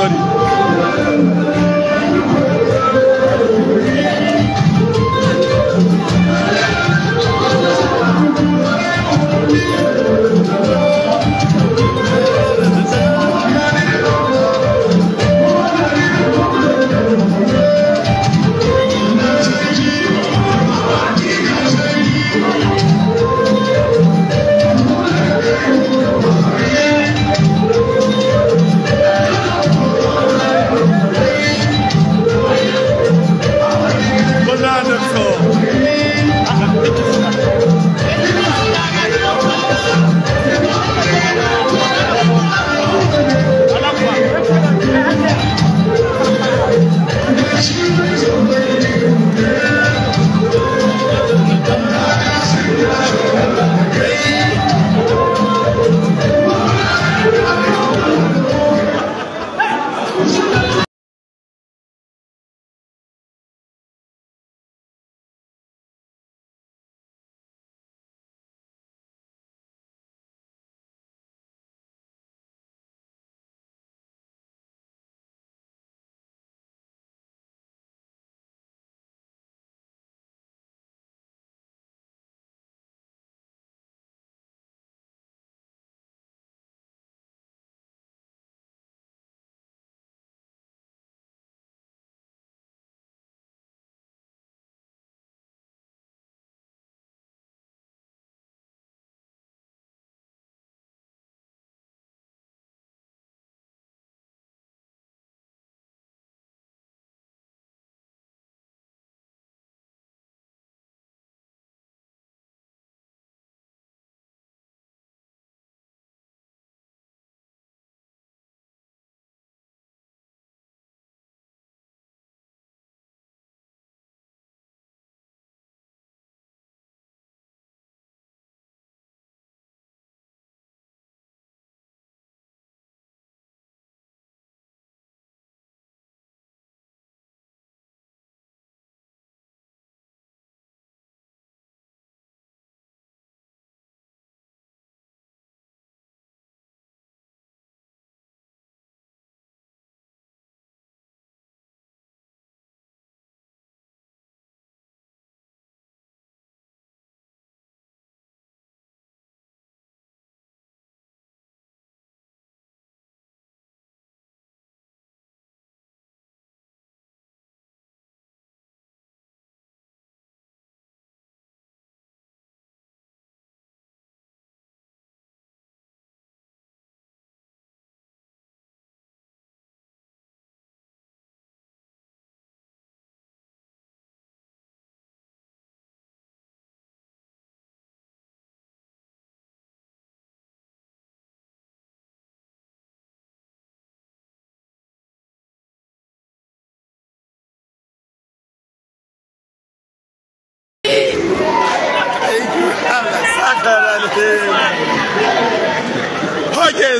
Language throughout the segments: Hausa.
study.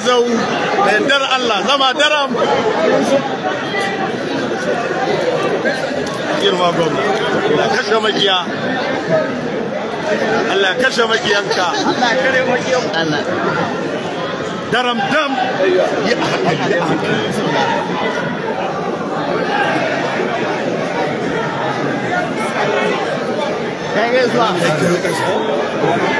zau da yardar Allah zama daram girma gwamnati Allah kashe makiya Allah kashe makiyanka Allah kare makiyanka daram dam ya Thank you.